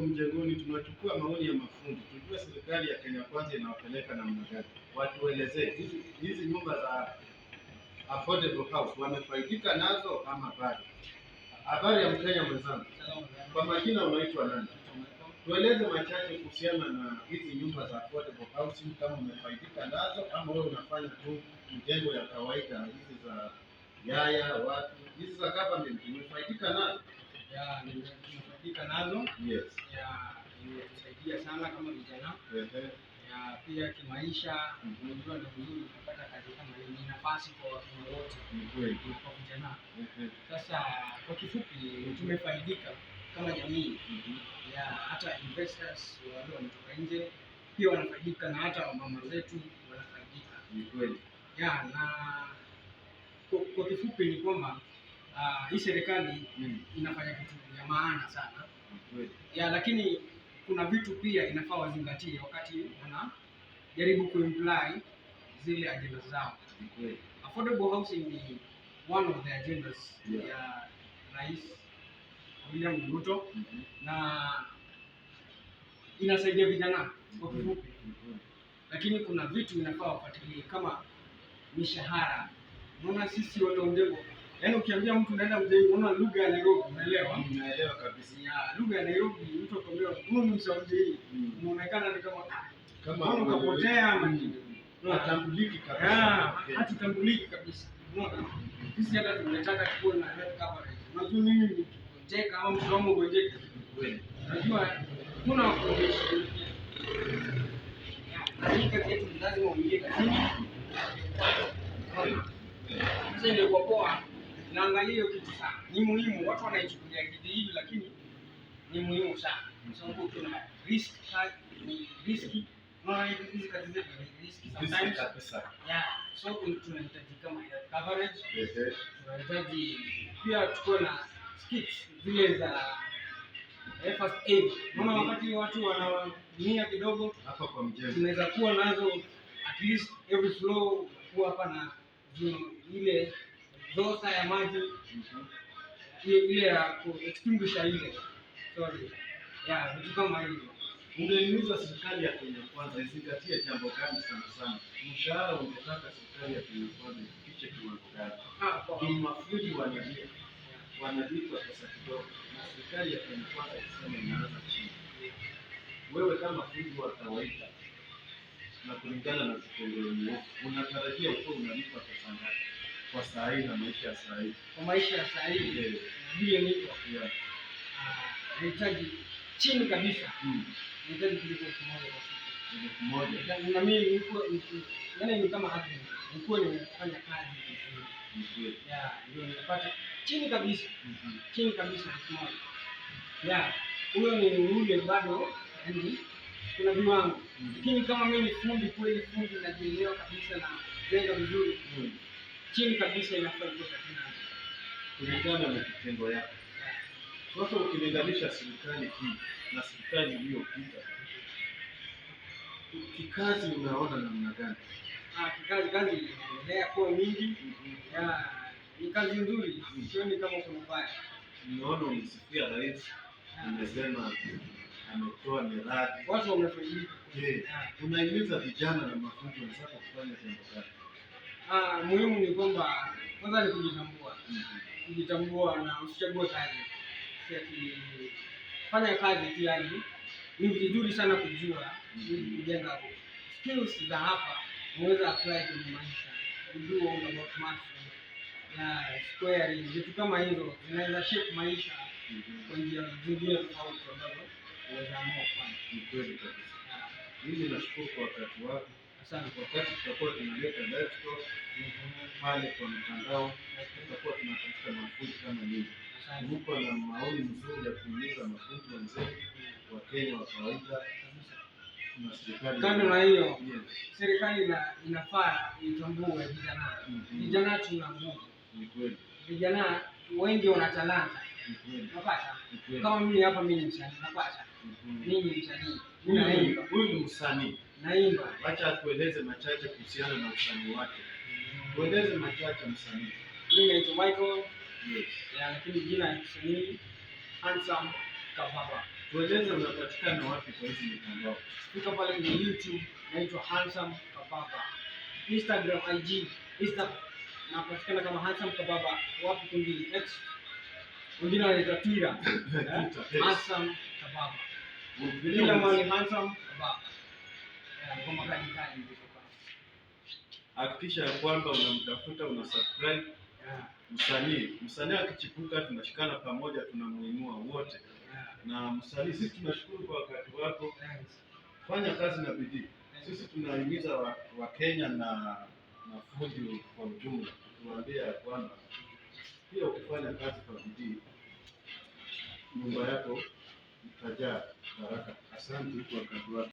hapo mjengoni, tunachukua maoni ya mafundi, tujue serikali ya Kenya Kwanza inawapeleka namna gani, watuelezee hizi nyumba za affordable house wamefaidika nazo ama bado. Habari ya Mkenya mwenzangu, kwa majina unaitwa nani? Tueleze machache kuhusiana na hizi nyumba za affordable housing, kama umefaidika nazo ama wewe unafanya tu mjengo ya kawaida, hizi za yaya watu, hizi za government umefaidika nazo? tumefika nazo yes. Imetusaidia sana kama vijana ya pia kimaisha. Mm-hmm. Unajua ni vizuri kupata kazi kama hii, ni nafasi kwa wakenya wote kwa vijana. Sasa kwa kifupi, tumefaidika kama jamii mm-hmm. ya hata investors wale wanatoka nje pia wanafaidika, na hata mama zetu wanafaidika ya na kwa kifupi ni kwamba uh, hii serikali mm. inafanya vitu ya maana sana mm. ya, lakini kuna vitu pia inafaa wazingatie wakati wanajaribu kuimply zile ajenda zao mm. affordable housing ni one of the agendas yeah. ya Rais William Ruto mm -hmm. na inasaidia vijana kwa hmm, kifupi mm -hmm. lakini kuna vitu inafaa wafuatilie kama mishahara. Unaona sisi watu wa Mjengo Yaani ukiambia mtu naenda Mjengwa, unaona lugha ya Nairobi, unaelewa? Unaelewa kabisa. Ya Lugha ya Nairobi mtu akwambia huyu ni Mswahili, muonekana mm. ni kama ah, kama ukapotea ama nini. Hatambuliki kabisa. Ah, Hatambuliki kabisa. Unaona? Sisi hata tunataka kuwa na health coverage. Unajua mimi ni Jeka au mtu wangu Jeka. Unajua kuna wakondeshi. Hii kazi yetu lazima uingie kazi. Sasa ndio kwa poa Naangalia hiyo kitu sana, ni muhimu. Watu wanaichukulia kitu hivi lakini ni muhimu sana, kwa sababu kuna risk, ni risk tunahitaji kama coverage, tunahitaji pia tuko na skits zile za first aid. Mm-hmm. wakati watu wanaumia kidogo, tunaweza kuwa nazo at least every floor kuwa hapa na ile zosa ya maji ile ya extinguisher ile, sorry, ya vitu kama hivyo. Unaimiza serikali ya Kenya Kwanza izingatie jambo gani sana sana? Mshahara ungetaka serikali ya Kenya Kwanza ifiche kiwango gani? Ah, mafundi wanalipwa wanalipwa pesa kidogo, na serikali ya Kenya Kwanza iseme inaanza chini, wewe kama fundi wa kawaida na kulingana na vitendeo, unatarajia uko unalipwa pesa ngapi? kwa saa hii na maisha ya saa hii. Kwa maisha ya saa hii vile niko ah, nahitaji chini kabisa, mm. nahitaji kuliko elfu moja kwa siku, na mimi niko yani ni kama hapo nikuwa nimefanya kazi ya ndio nipate chini kabisa, mm-hmm. chini kabisa elfu moja ya huyo ni yule bado, yani kuna viwango, mm-hmm. lakini kama mimi ni fundi kweli, fundi najielewa kabisa na jenga vizuri mm chini kabisa inafaa kulingana na kitendo yako. Sasa ukilinganisha serikali hii na serikali iliyopita kikazi, unaona namna gani? Ah, kikazi kazi inaendelea kwa mingi, mhm. ni kazi nzuri, mhm. sioni kama kuna baya. Unaona, umesifia rais, ah. amesema ametoa miradi, watu wamefaidika. Je, ah. unaimiza vijana na mafunzo wenzako kufanya jambo gani? Ah, muhimu ni kwamba kwanza ni kujitambua, kujitambua na usichague kazi. Fanya kazi tu, yaani ni vizuri sana kujua kujenga skills za hapa, unaweza apply kwenye maisha, kujua about math na squaring, vitu kama hizo zinaweza shape maisha kwa njia zingine tofauti ambazo unaweza amua kufanya. Mimi nashukuru kwa wakati wako sana kwa tutakuwa tunaleta pale kwa mtandao, tutakuwa tunatafuta mafunzo kama na maoni mzuri ya kuuliza mafunzo wenzetu wa Kenya wa kawaida na serikali. Kando na hiyo, serikali inafaa itambue vijana. Mm-hmm. Vijana tuna nguvu, Vijana wengi wana talanta, napata kama mimi hapa, mimi ni msanii, napata mm-hmm. mimi ni msanii, huyu ni msanii Naimba, acha atueleze machache kuhusiana na usanii wake. Tueleze machache msanii. Mimi naitwa Michael. Yes. Ya, eh, lakini jina ya msanii Handsome Kababa. Tueleze unapatikana wapi kwa hizi mitandao? Fika pale kwenye YouTube naitwa Handsome Kapapa, Instagram IG, Insta napatikana kama Handsome Kapapa, Wapi kwingine? X. Wengine wanaita Twitter. Eh, Handsome Kababa. Kila mahali Handsome Kapapa. Hakikisha ya kwamba unamtafuta, una subscribe msanii. Msanii akichipuka, tunashikana pamoja, tunamuinua wote. Na msanii, sisi tunashukuru kwa wakati wako, fanya kazi na bidii. Sisi tunahimiza Wakenya na mafundi kwa ujumla, tuwaambia ya kwamba pia ukifanya kazi kwa bidii, nyumba yako itajaa baraka. Asante kwa wakati wako.